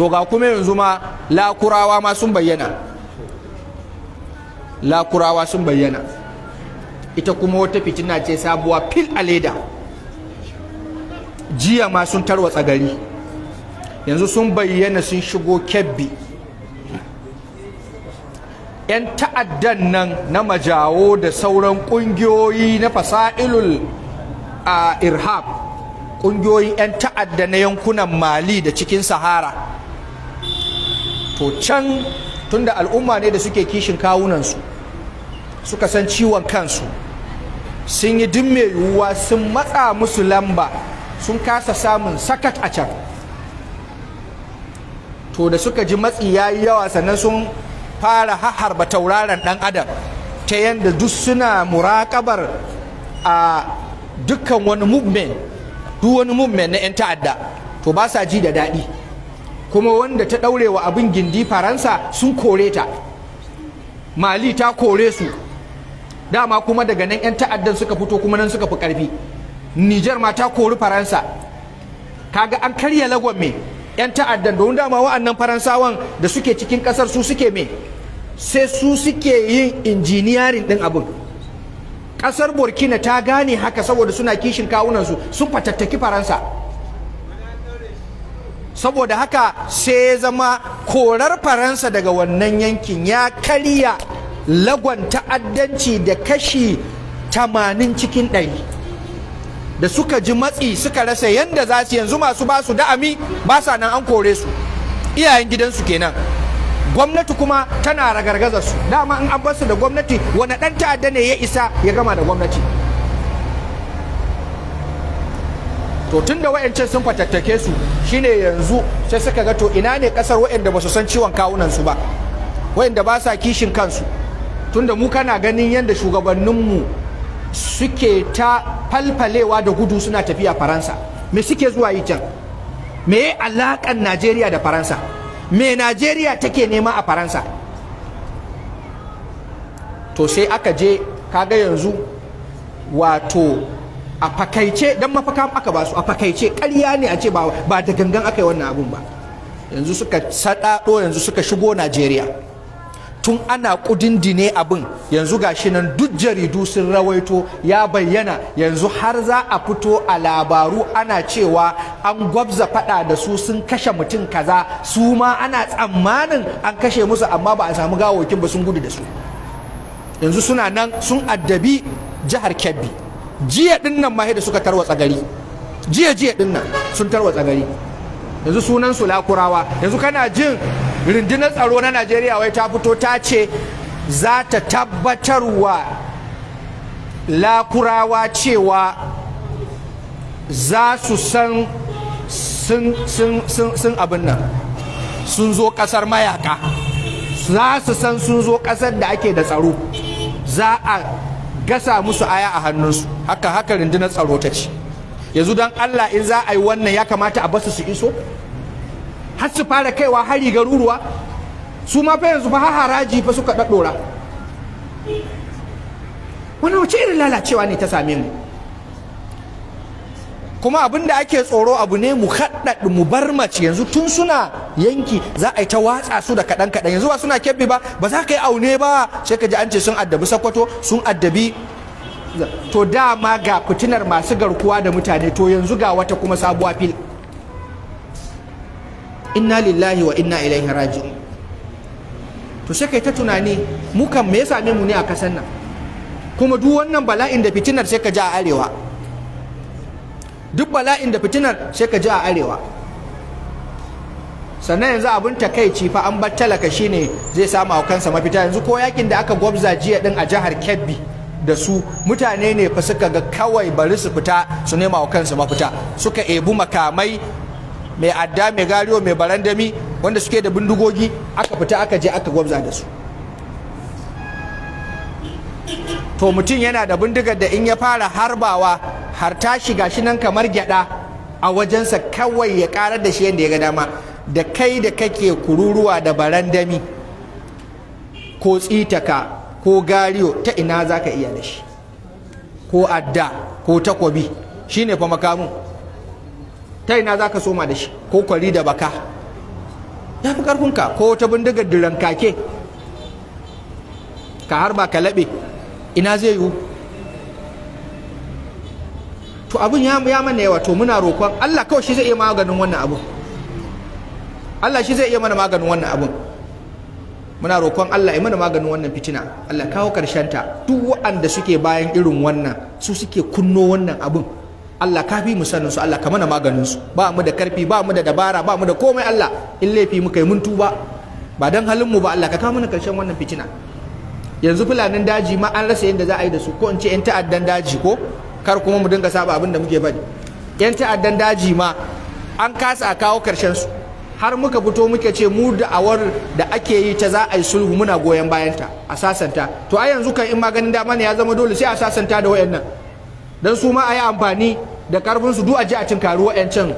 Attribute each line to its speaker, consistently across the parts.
Speaker 1: to ga kuma yanzu ma lakurawa ma sun bayyana lakurawa sun bayyana ita kuma wata fitina ce sabuwa fil a leda jiya ma sun tarwatsa gari yanzu sun bayyana sun shigo kebbi 'yan ta'addan nan na majawo da sauran ƙungiyoyi na fasa'ilul a irhab ƙungiyoyin 'yan ta'adda na yankunan mali da cikin sahara to can tunda al'umma ne da suke kishin kawunansu suka san ciwon kansu sun yi duk mai yiwuwa sun matsa musu lamba sun kasa samun sakat a can to da suka ji matsi ya yi yawa sannan sun fara haharba tauraron ɗan adam ta yadda duk suna muraƙabar a dukkan wani movement duk wani movement na 'yan ta'adda to ba sa ji da daɗi kuma wanda ta ɗaure wa abin gindi faransa sun kore ta mali ta kore su dama kuma daga nan 'yan ta'addan suka fito kuma nan suka fi karfi nijar ma ta kori faransa kaga an karya lagon me 'yan ta'addan don dama wa'annan faransawan da suke cikin kasar su suke me sai su suke yin injiniyarin din abin kasar burkina ta gane haka saboda suna kishin kawunansu sun fatattaki faransa saboda haka sai ya zama korar faransa daga wannan yankin ya karya lagon ta'addanci da kashi tamanin cikin ɗari da suka ji matsi suka rasa yadda za su yanzu masu ba su da'ami ba sa nan an kore su iyayen gidansu kenan gwamnati kuma tana ragargaza su dama in an su da gwamnati wani ɗan ta'adda ne ya isa ya gama da gwamnati to tun da wayancan sun fatattake su shine yanzu sai suka ga to ina ne kasar wayanda ba su san ciwon kawunan su ba wayanda ba sa kishin kansu tun da mu kana ganin yadda shugabanninmu suke ta falfalewa da gudu suna tafiya faransa me suke zuwa yi can me alakan najeriya da faransa me najeriya take nema a faransa to sai aka je kaga yanzu wato a fakaice don mafaka aka ba su a fakaice ƙarya ne a ce ba da gangan aka yi wannan abun ba yanzu suka sadado yanzu suka shigo Najeriya tun ana dine abin yanzu gashi nan duk jaridu sun rawaito ya bayyana yanzu har za a fito a labaru ana cewa an gwabza faɗa da su sun kashe mutum kaza su ma ana tsammanin an kashe musu amma ba a samu gawokin ba sun gudu da su yanzu suna nan sun addabi jihar kebbi jiya din nan ma da suka tarwatsa gari jiya jiya din nan sun tarwatsa gari yanzu sunan su lakurawa yanzu kana jin rundunar tsaro na najeriya wai ta fito ta ce za ta tabbatarwa lakurawa cewa za su san sun abin nan sun zo kasar mayaka za su san sun zo kasar da ake da tsaro za a gasa musu aya a hannunsu haka haka rundunar tsaro ta ce yanzu don Allah in za a yi wannan ya kamata a basu su iso har su fara kaiwa hari garuruwa su ma fa yanzu fa haraji fa suka daddora wannan wace irin lalacewa ne ta same mu kuma abin da ake tsoro abu ne mu hada mu bar mace yanzu tun suna yanki za a yi ta watsa su da kaɗan kaɗan yanzu ba suna kebbi ba ba za ka yi aune ba sai ka ji an ce sun addabi sakwato sun addabi to dama ga fitinar masu garkuwa da mutane to yanzu ga wata kuma sabuwa fil inna lillahi wa inna ilaihi raji to sai kai ta tunani mukan kan me ya same mu ne a kasan nan kuma duk wannan bala'in da fitinar sai ka ji a arewa duk bala'in da fitinar sai ka ji a arewa sannan yanzu abin takaici fa an bar talaka shine zai samu a kansa mafita yanzu ko yakin da aka gwabza jiya din a jihar kebbi da su mutane ne fa suka ga kawai bari su fita su nema a kansu mafita suka ebu makamai mai adda mai gariyo mai barandami wanda suke da bindigogi aka fita aka je aka gwabza da su to mutum yana da bindigar da in ya fara harbawa har ta shiga shi nan kamar gyada a wajensa kawai ya karar da shi yadda ya ga dama da kai da kake kururuwa da barandami ko tsitaka ko gariyo ta ina za ka iya da shi ko adda ko takobi shi ne fa makamu ta ina za ka soma da shi ko kwari da baka ya fi karfinka ko ta bindigar diran kake ka harba ka laɓe ina zai yiwu to abin ya mana yawa to muna roƙon Allah kawai shi zai iya maganin wannan abu Allah shi zai iya mana maganin wannan abu muna roƙon Allah ya mana maganin wannan fitina Allah kawo ta duk waɗanda suke bayan irin wannan su suke kunno wannan abin Allah ka fi mu sanin su Allah ka mana maganin su ba mu da karfi ba mu da dabara ba mu da komai Allah in laifi muka yi mun tuba ba dan halin mu ba Allah ka kawo mana karshen wannan fitina yanzu fulanin daji ma an rasa yadda za a yi da su ko in ce yan ta'addan daji ko kar kuma mu dinga saba abin da muke bari yan ta'addan daji ma an kasa a kawo karshen su har muka fito muke ce mu da awar da ake yi ta za a yi sulhu muna goyon bayanta a sasanta to a yanzu kan in maganin dama ne ya zama dole sai a sasanta da wayannan dan su ma a yi amfani da karfin su du a ji a karu wayancan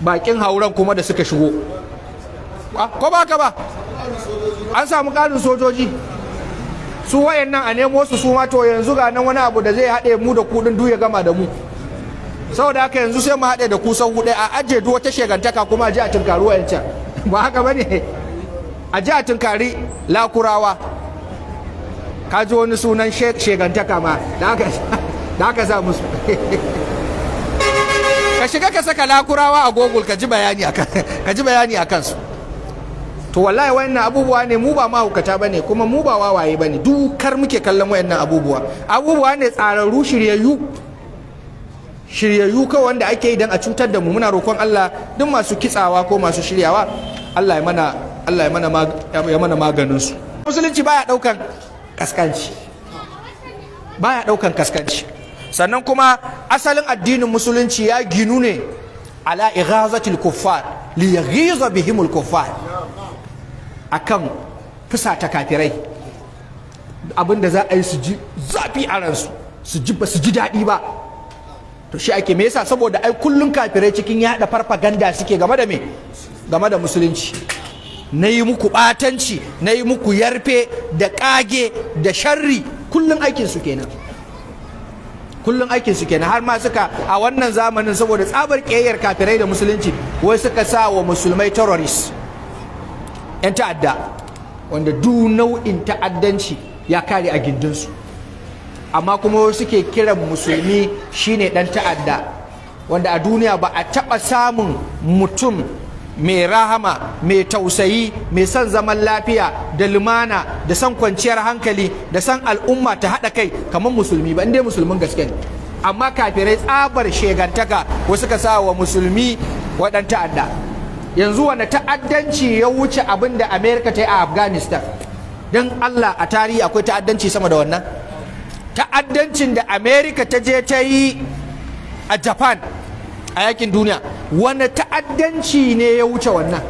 Speaker 1: bakin hauren kuma da suka shigo ah, ko ba ka ba an samu karin sojoji su wayan nan a nemo su su ma to yanzu ga nan wani abu da zai haɗe mu da kuɗin duk ya gama da mu saboda haka yanzu sai mu haɗe da kusan huɗu a aje duk wata shegantaka kuma a ji a tunkari wayancan ba haka ba ne a ji a tunkari lakurawa ka ji wani sunan shegantaka ma da haka sa musu ka shiga ka saka lakurawa a google ka ji bayani a kansu to wallahi wayannan abubuwa ne mu ba mahaukata bane kuma mu ba wawaye bane dukar muke kallon wayannan abubuwa abubuwa ne tsararru shiryayyu shiryayyu kawai wanda ake idan a cutar da mu muna roƙon Allah duk masu kitsawa ko masu shiryawa Allah ya mana Allah ya mana maganin su musulunci baya daukan kaskanci baya daukan kaskanci sannan kuma asalin addinin musulunci ya ginu ne ala ighazatil kuffar li yaghiza bihimul kuffar a akan fusata kafirai abin za a yi su ji zafi a ransu su ji ba su ji daɗi ba to shi ake me yasa saboda ai kullun kafirai cikin yaɗa farfaganda suke game da me game da musulunci na yi muku ɓatanci na yi muku yarfe da ƙage da sharri kullun aikin su kenan kullun aikin su kenan har ma suka a wannan zamanin saboda tsabar ƙeyar kafirai da musulunci wai suka sa wa musulmai terrorists 'yan ta'adda wanda duk nau'in ta'addanci ya kare a gindinsu amma kuma suke kiran musulmi shine ɗan ta'adda wanda a duniya ba a taɓa samun mutum mai rahama mai tausayi mai son zaman lafiya da lumana da son kwanciyar hankali da son al'umma ta haɗa kai kamar musulmi ba inda musulmin gaske ne amma kafirai tsabar shegantaka wasu ka sa wa musulmi waɗan ta'adda yanzu wani ta'addanci ya wuce abin da amerika ta yi a afghanistan don allah a tarihi akwai ta'addanci sama da wannan ta'addancin da amerika ta je ta yi a japan a yakin duniya wani ta'addanci ne ya wuce wannan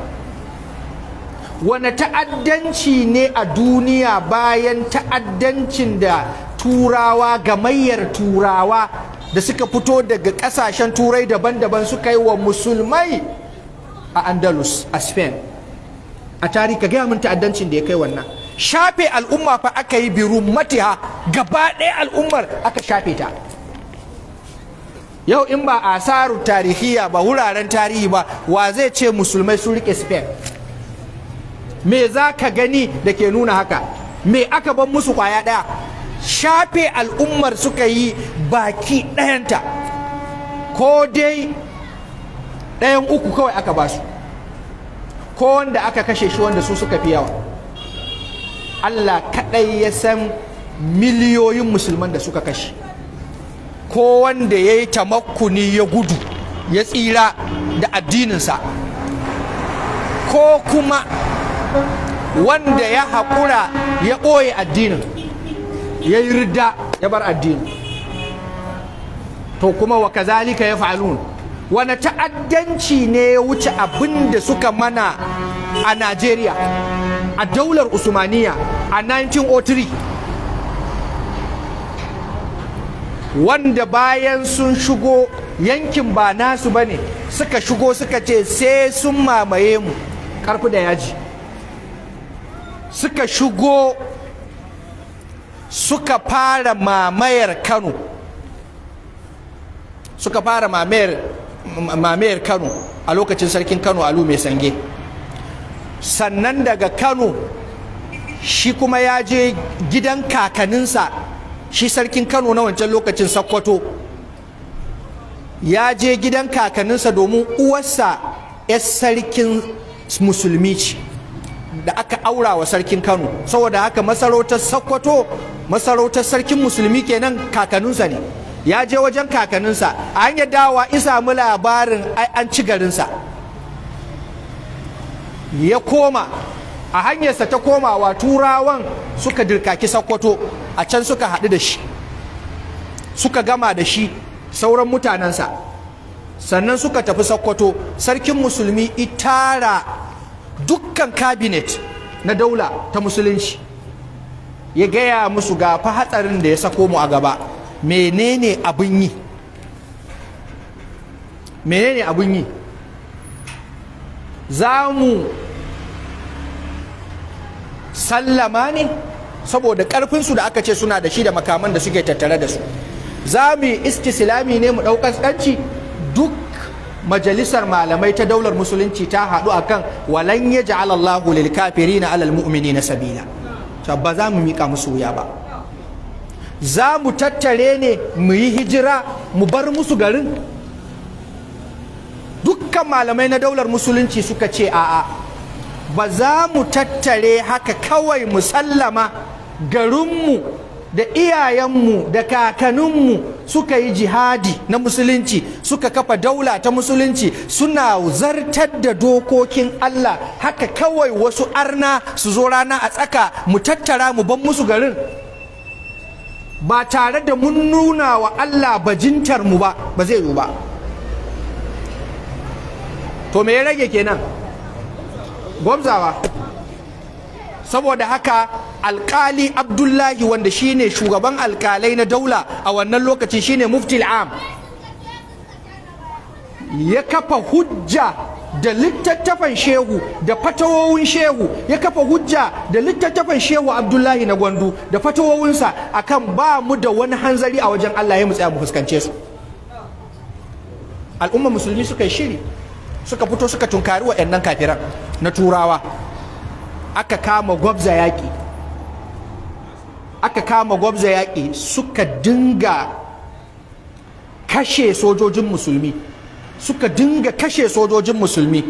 Speaker 1: wani ta'addanci ne a duniya bayan ta'addancin da turawa gamayyar turawa da suka fito daga kasashen turai daban-daban suka yi wa musulmai a andalus a spain a tarihi ka gaya min ta'addancin da ya kai wannan shafe al'umma fa aka yi biru matiha gaba ɗaya al'ummar aka shafe ta yau in ba asaru tarihiya ba wuraren tarihi ba wa zai ce musulmai sun rike spain me za ka gani da ke nuna haka me aka ban musu kwaya ɗaya shafe al'ummar suka yi baki ɗayanta ko dai ɗayan uku kawai aka ba su ko wanda aka kashe shi wanda su suka fi yawa Allah kaɗai ya san miliyoyin musulman da suka kashe ko wanda ya yi tamakuni ya gudu ya tsira da addininsa ko kuma wanda ya haƙura ya ɓoye addinin ya yi ridda ya bar addinin to kuma wa kazalika ya fa'alun wani ta'addanci ne ya wuce abin da suka mana a Najeriya a daular Usmaniya a 1903 wanda bayan sun shigo yankin ba nasu ba ne suka shigo suka ce sai sun mamaye mu karfi da yaji suka shigo suka fara mamayar kano suka fara mamayar mamayar kano a lokacin sarkin kano alu mai sange sannan daga kano shi kuma ya je gidan kakaninsa shi sarkin kano na wancan lokacin sakkwato ya je gidan kakaninsa domin uwarsa 'yar sarkin musulmi ce da aka aura wa sarkin kano saboda haka masarautar sakkwato masarautar sarkin musulmi kenan kakaninsa ne ya je wajen kakanninsa a hanyar dawa in samu labarin an ci garinsa ya koma a hanyarsa ta komawa turawan suka dirkaki sakkwato a can suka haɗu da shi suka gama da shi sauran mutanensa sannan suka tafi sakkwato sarkin musulmi itara dukkan kabinet na daula ta musulunci ya gaya musu ga fa hatsarin da ya sako mu a gaba menene abin yi menene abin yi za mu sallama ne saboda ƙarfinsu da aka ce suna da shi da makaman da suke tattare da su za mu yi istisilami ne mu ɗaukar tsanci duk majalisar malamai ta daular musulunci ta haɗu a kan walan ya ja'alallahu lil na alal na sabila ba za mu miƙa musu wuya ba za mu tattare ne mu yi hijira mu bar musu garin dukkan malamai na daular musulunci suka ce a'a ba za mu tattare haka kawai mu sallama garinmu da iyayenmu da kakaninmu suka yi jihadi na musulunci suka kafa daula ta musulunci suna zartar da dokokin Allah haka kawai wasu arna su zo rana a tsaka mu tattara mu ban musu garin ba tare da mun nuna wa Allah bajintar mu ba ba zai yiwu ba to me ya rage kenan gwamzawa saboda haka alkali abdullahi wanda shine shugaban alkalai na daula a wannan lokaci shine muftil am ya kafa hujja da littattafan shehu da fatawowin shehu ya kafa hujja da littattafan shehu abdullahi na gwandu da fatawowinsa akan ba mu da wani hanzari a wajen allah ya mu tsaya mu fuskance su al'umma musulmi suka shiri suka fito suka tunkari wa waɗannan kafiran na turawa aka kama gwabza yaƙi aka kama gwabza yaƙi suka dinga kashe sojojin musulmi suka dinga kashe sojojin musulmi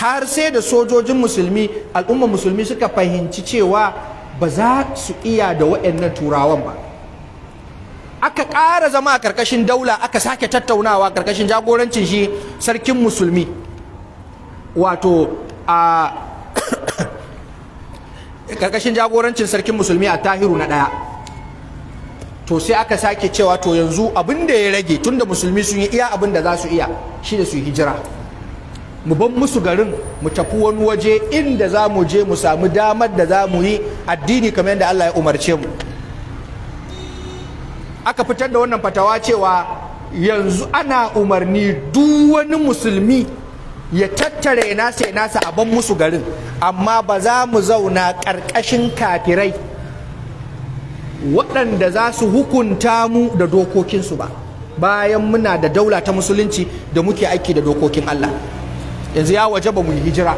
Speaker 1: har sai da sojojin musulmi al'ummar musulmi suka fahimci cewa ba za su iya da waɗannan turawan ba aka ƙara zama a ƙarƙashin daula aka sake tattaunawa ƙarƙashin jagorancin shi sarkin musulmi wato a ƙarƙashin jagorancin sarkin musulmi a tahiru na ɗaya to sai aka sake cewa to yanzu abin da ya rage tun da musulmi sun yi iya abin da za su iya shi da su hijira mu ban musu garin mu tafi wani waje inda za mu je mu samu damar da za mu yi addini kamar yadda Allah ya umarce mu aka fitar da wannan fatawa cewa yanzu ana umarni duk wani musulmi ya tattare nasa ya nasa a ban musu garin amma ba za mu zauna ƙarƙashin kafirai waɗanda za su hukunta mu da dokokinsu ba bayan muna da daula ta musulunci da muke aiki da dokokin Allah yanzu ya waje ba mu hijira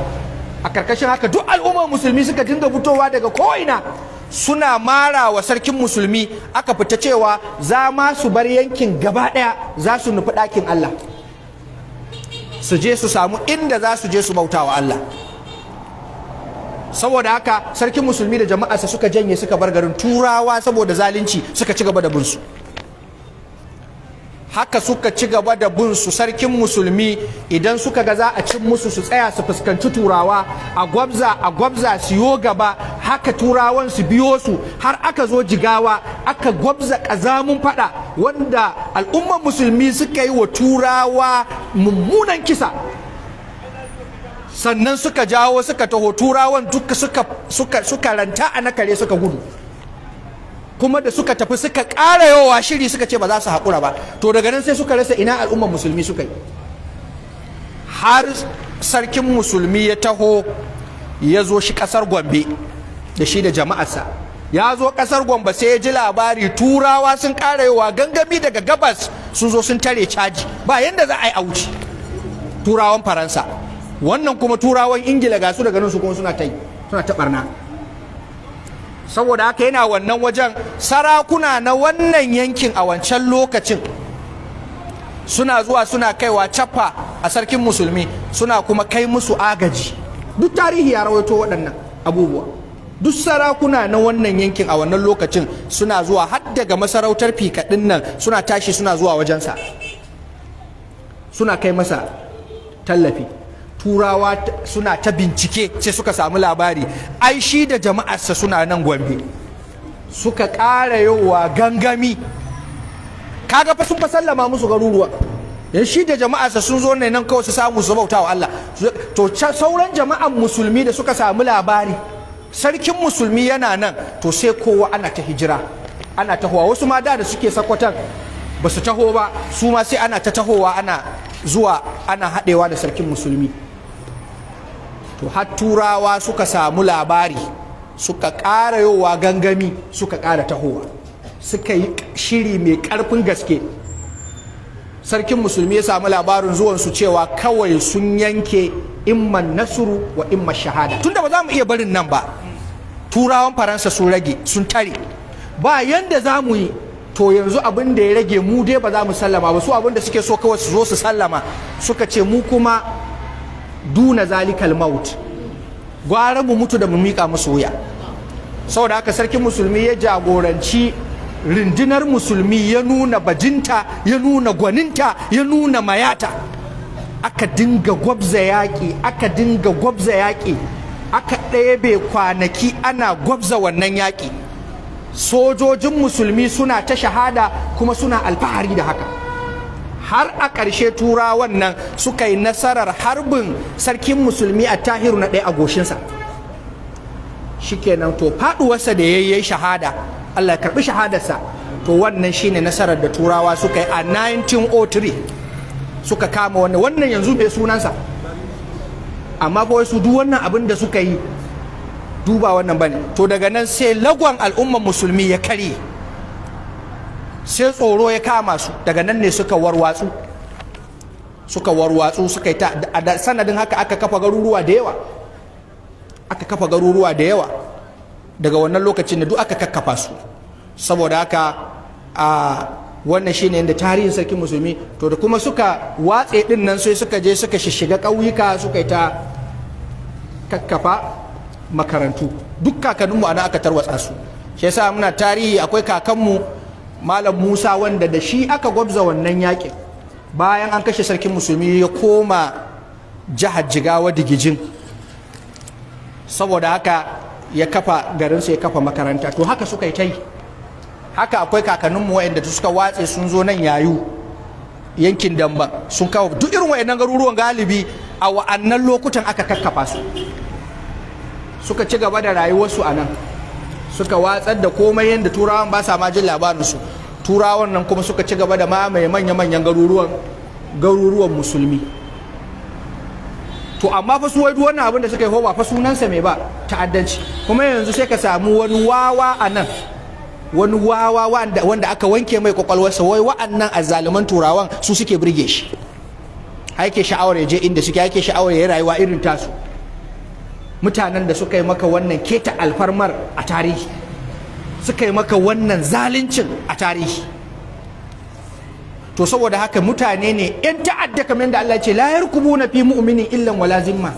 Speaker 1: a karkashin haka duk al'ummar musulmi suka dinga fitowa daga ko'ina suna mara wa sarkin musulmi aka fita cewa za ma su bar yankin gaba ɗaya za su nufi ɗakin Allah su je su samu inda za su je su bauta wa Allah saboda haka sarkin musulmi da jama'arsa suka janye suka bar garin turawa saboda zalunci suka ci gaba da binsu haka suka ci gaba da binsu sarkin musulmi idan suka ga za a cin musu su tsaya su fuskanci turawa a gwabza a gwabza su yo gaba haka turawan su biyo su har aka zo jigawa aka gwabza ƙazamun fada wanda al'umman musulmi suka yi wa turawa mummunan kisa sannan suka jawo suka taho turawan duka suka suka suka ranta a nakare suka gudu kuma da suka tafi suka ƙara yawa shiri suka ce ba za su haƙura ba to daga nan sai suka rasa ina al'ummar musulmi suka yi har sarkin musulmi ya taho ya zo shi ƙasar gombe da shi da jama'arsa ya zo ƙasar gombe sai ya ji labari turawa sun ƙara yawa gangami daga gabas sun zo sun tare caji ba yadda za a yi a wuce turawan faransa wannan kuma turawan ingila ga su daga nan su kuma suna ta suna ta barna saboda haka yana wannan wajen sarakuna na wannan yankin a wancan lokacin suna zuwa suna kaiwa cappa a sarkin musulmi suna kuma kai musu agaji duk tarihi ya rawaito waɗannan abubuwa duk sarakuna na wannan yankin a wannan lokacin suna zuwa har daga masarautar fikaɗin nan suna tashi suna zuwa wajensa suna kai masa tallafi turawa suna ta bincike sai suka samu labari ai shi da jama'arsa suna nan gombe suka ƙara yowa gangami kaga fa sun fa sallama musu garuruwa yan shi da jama'arsa sun zo ne nan kawai su samu su bauta wa Allah to sauran jama'an musulmi da suka samu labari sarkin musulmi yana nan to sai kowa ana ta hijira ana tahowa wasu ma da da suke sakwatan ba su taho ba su ma sai ana ta tahowa ana zuwa ana haɗewa da sarkin musulmi to har turawa suka samu labari suka ƙara yowa gangami suka ƙara tahowa suka yi shiri mai karfin gaske sarkin musulmi ya samu labarin zuwansu cewa kawai sun yanke imman nasuru wa imman shahada tunda ba za mu iya barin nan ba turawan faransa sun rage sun tare ba yanda za mu yi to yanzu abin da ya rage mu dai ba za mu sallama ba su abin da suke so kawai su zo su sallama suka ce mu kuma duna zalikal maut gwara mu mutu da mu mika musu wuya saboda haka sarkin musulmi ya jagoranci rundunar musulmi ya nuna bajinta ya nuna gwaninta ya nuna mayata aka dinga gwabza yaƙi aka dinga gwabza yaƙi aka ɗebe kwanaki ana gwabza wannan yaƙi sojojin musulmi suna ta shahada kuma suna alfahari da haka har a ƙarshe turawan nan suka yi nasarar harbin sarkin musulmi a tahiru na ɗaya a goshinsa shikenan to faɗuwarsa da ya yi shahada allah ya karɓi shahadarsa to wannan shine nasarar da turawa suka yi a 1903 suka kama wannan wannan yanzu mai sunansa amma kawai su duk wannan abin da suka yi duba wannan bane to daga nan sai lagon al'ummar musulmi ya karye sai tsoro ya kama su daga nan ne suka warwatsu suka warwatsu suka yi ta sanadin haka aka kafa garuruwa da yawa aka kafa garuruwa da yawa daga wannan lokacin da duk aka kakkafa su saboda haka a wannan shine yadda tarihin sarkin musulmi to da kuma suka watse din nan sai suka je suka shishiga ƙauyuka suka yi ta kakkafa makarantu duk kakanninmu ana aka tarwatsa su shi yasa muna tarihi akwai kakanmu malam musa wanda da shi aka gwabza wannan yakin bayan an kashe sarkin musulmi ya koma jihar jigawa digijin saboda haka ya kafa garinsa ya kafa makaranta to haka suka yi ta yi haka akwai kakanninmu waɗanda suka watse sun zo nan yayu yankin damba sun kawo duk irin waɗannan garuruwan galibi a wa'annan lokutan aka kakkafa su suka ci gaba da rayuwarsu a nan suka watsar da komai yadda turawan ba sa ma jin labarinsu turawan nan kuma suka ci gaba da mamaye manya-manyan garuruwan garuruwan musulmi to amma fa su wai duk wannan abin da suka yi ba fa sunansa mai ba ta'addanci kuma yanzu sai ka samu wani wawa a nan wani wawa wanda aka wanke mai kwakwalwarsa wai wa'annan azzaluman turawan su suke birge shi ake sha'awar ya je inda suke ake sha'awar ya rayuwa irin tasu mutanen da suka yi maka wannan keta alfarmar a tarihi suka yi maka wannan zalincin a tarihi to saboda haka mutane ne yan ta'adda kamar da Allah ce la yarkubuna fi mu'minin illan wala zimma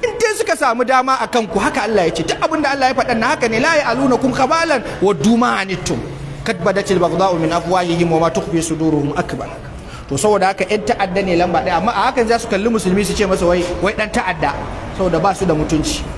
Speaker 1: in dai suka samu dama a kanku haka Allah ya ce duk abin da Allah ya faɗa na haka ne la ya'alunakum khabalan wa duma anittum kad badatil min afwahihim wa ma tukhfi akbar to saboda haka yan ta'adda ne lamba ɗaya amma a hakan za su kalli musulmi su ce masa wai wai dan ta'adda saboda ba su da mutunci